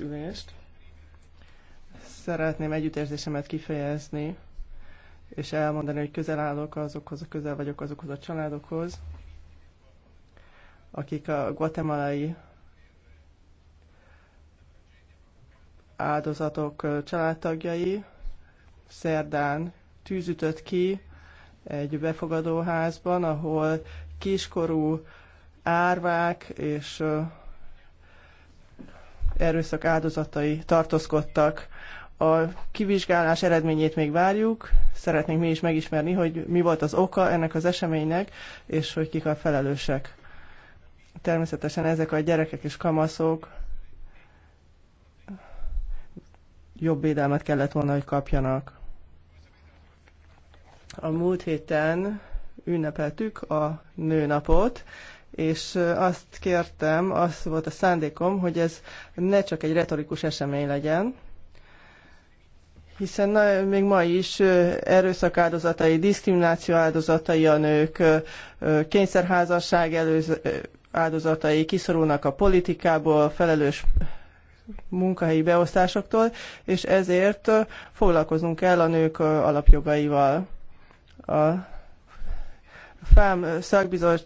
az ülést. Szeretném együttérzésemet kifejezni, és elmondani, hogy közel állok azokhoz, közel vagyok azokhoz a családokhoz, akik a guatemalai áldozatok családtagjai. Szerdán tűzütött ki egy befogadóházban, ahol kiskorú árvák és erőszak áldozatai tartózkodtak. A kivizsgálás eredményét még várjuk, szeretnénk mi is megismerni, hogy mi volt az oka ennek az eseménynek, és hogy kik a felelősek. Természetesen ezek a gyerekek és kamaszok jobb védelmet kellett volna, hogy kapjanak. A múlt héten ünnepeltük a nőnapot, és azt kértem, az volt a szándékom, hogy ez ne csak egy retorikus esemény legyen, hiszen na, még ma is erőszak áldozatai, diszkrimináció áldozatai a nők, kényszerházasság előz, áldozatai kiszorulnak a politikából, felelős munkahelyi beosztásoktól, és ezért foglalkozunk el a nők alapjogaival. A FAM szakbizottság